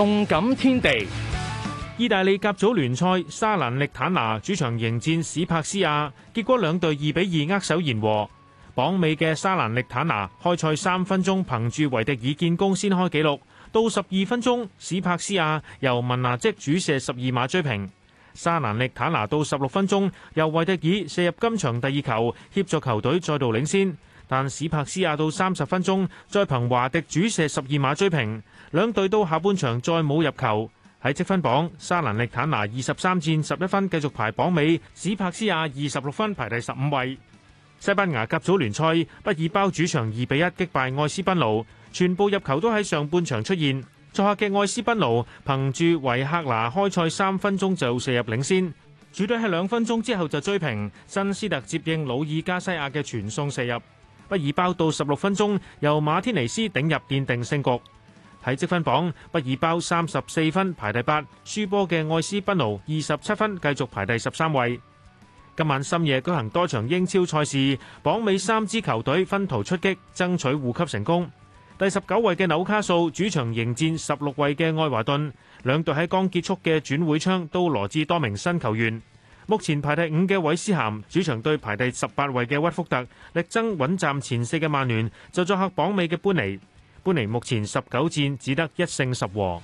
動感天地，意大利甲組聯賽，沙蘭力坦拿主場迎戰史柏斯亞，結果兩隊二比二握手言和。榜尾嘅沙蘭力坦拿開賽三分鐘，憑住維迪爾建功先開紀錄，到十二分鐘史柏斯亞由文拿即主射十二碼追平。沙蘭力坦拿到十六分鐘由維迪爾射入今場第二球，協助球隊再度領先。但史柏斯亞到三十分鐘，再憑華迪主射十二碼追平。兩隊都下半場再冇入球。喺積分榜，沙蘭力坦拿二十三戰十一分，繼續排榜尾；史柏斯亞二十六分排第十五位。西班牙甲組聯賽，畢爾包主場二比一擊敗愛斯賓奴，全部入球都喺上半場出現。作客嘅愛斯賓奴憑住維克拿開賽三分鐘就射入領先，主隊喺兩分鐘之後就追平。新斯特接應魯爾加西亞嘅傳送射入。不爾包到十六分鐘，由馬天尼斯頂入奠定勝局。喺積分榜，不爾包三十四分排第八，輸波嘅愛斯賓奴二十七分繼續排第十三位。今晚深夜舉行多場英超賽事，榜尾三支球隊分途出擊，爭取護級成功。第十九位嘅紐卡素主場迎戰十六位嘅愛華頓，兩隊喺剛結束嘅轉會窗都羅致多名新球員。目前排第五嘅韋斯咸，主場對排第十八位嘅屈福特，力爭穩佔前四嘅曼聯就作客榜尾嘅搬尼。搬尼目前十九戰只得一勝十和。